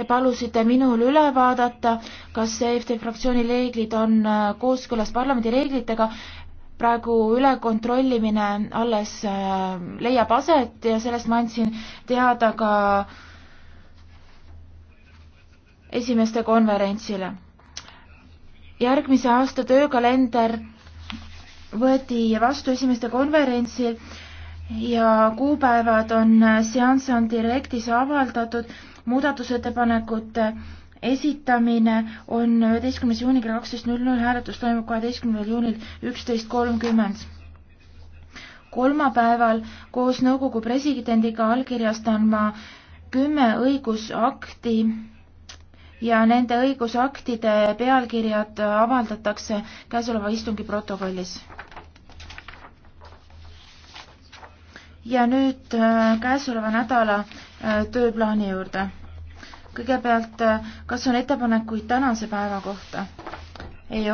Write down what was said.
Te palusite minul üle vaadata, kas EFT fraktsiooni reeglid on äh, kooskõlas parlamendi reeglitega. praegu ülekontrollimine alles äh, leiab aset ja sellest ma andsin teada ka esimeste konverentsile. järgmise aasta töökalender võeti vastu esimeste konverentsil ja kuupäevad on äh, seanss on direktis avaldatud, muudatusettepanekute esitamine on üheteistkümnes juuni kell kaksteist null null, hääletus toimub kaheteistkümnendal juunil üksteist kolmkümmend. kolmapäeval koos nõukogu presidendiga allkirjastan ma kümme õigusakti ja nende õigusaktide pealkirjad avaldatakse käesoleva istungi protokollis. ja nüüd äh, käesoleva nädala äh, tööplaani juurde. kõigepealt, äh, kas on ettepanekuid tänase päeva kohta? ei ole.